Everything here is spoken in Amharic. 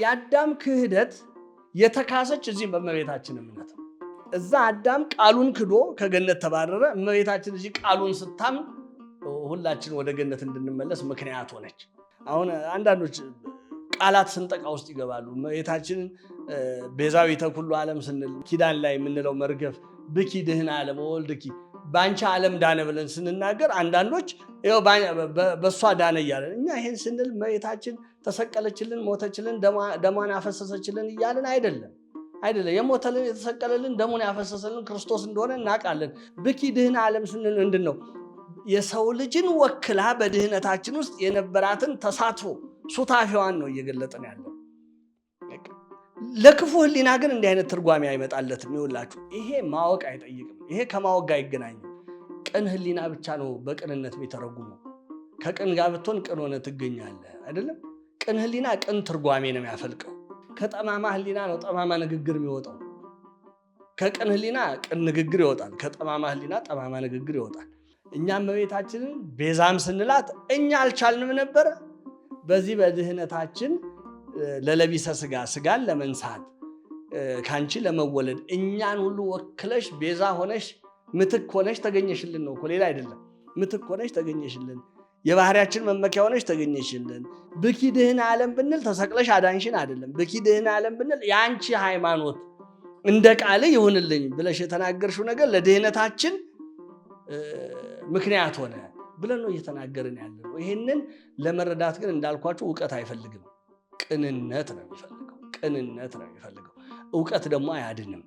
የአዳም ክህደት የተካሰች እዚህ በእመቤታችን እምነት ነው። እዛ አዳም ቃሉን ክዶ ከገነት ተባረረ። እመቤታችን እዚህ ቃሉን ስታምን ሁላችን ወደ ገነት እንድንመለስ ምክንያት ሆነች። አሁን አንዳንዶች ቃላት ስንጠቃ ውስጥ ይገባሉ። እመቤታችንን ቤዛዊተ ኩሉ ዓለም ስንል ኪዳን ላይ የምንለው መርገፍ ብኪ ድህን ዓለም ወልድኪ በአንቺ ዓለም ዳነ ብለን ስንናገር አንዳንዶች በእሷ ዳነ እያለን እኛ ይህን ስንል መታችን ተሰቀለችልን፣ ሞተችልን፣ ደሟን አፈሰሰችልን እያለን አይደለም አይደለም የሞተልን የተሰቀለልን ደሙን ያፈሰሰልን ክርስቶስ እንደሆነ እናውቃለን። ብኪ ድህን ዓለም ስንል ምንድን ነው? የሰው ልጅን ወክላ በድህነታችን ውስጥ የነበራትን ተሳትፎ ሱታፊዋን ነው እየገለጥን ያለ ለክፉ ህሊና ግን እንዲህ አይነት ትርጓሜ አይመጣለትም። ይውላችሁ ይሄ ማወቅ አይጠይቅም። ይሄ ከማወቅ ጋር አይገናኝም። ቅን ህሊና ብቻ ነው በቅንነት የሚተረጉመው። ከቅን ጋር ብትሆን ቅን ሆነ ትገኛለህ አይደለም። ቅን ህሊና ቅን ትርጓሜ ነው የሚያፈልቀው። ከጠማማ ህሊና ነው ጠማማ ንግግር የሚወጣው። ከቅን ህሊና ቅን ንግግር ይወጣል። ከጠማማ ህሊና ጠማማ ንግግር ይወጣል። እኛም እመቤታችንን ቤዛም ስንላት እኛ አልቻልንም ነበረ በዚህ በድህነታችን ለለቢሰ ስጋ ስጋን ለመንሳት ከአንቺ ለመወለድ እኛን ሁሉ ወክለሽ ቤዛ ሆነሽ ምትክ ሆነሽ ተገኘሽልን ነው እኮ ሌላ አይደለም። ምትክ ሆነሽ ተገኘሽልን፣ የባህሪያችን መመኪያ ሆነሽ ተገኘሽልን። ብኪ ድህን ዓለም ብንል ተሰቅለሽ አዳንሽን አይደለም። ብኪ ድህን ዓለም ብንል የአንቺ ሃይማኖት እንደ ቃል ይሁንልኝ ብለሽ የተናገርሽው ነገር ለድህነታችን ምክንያት ሆነ ብለን ነው እየተናገርን ያለ ነው። ይህንን ለመረዳት ግን እንዳልኳቸው እውቀት አይፈልግም። ቅንነት ነው የሚፈልገው። ቅንነት ነው የሚፈልገው። እውቀት ደግሞ አያድንም።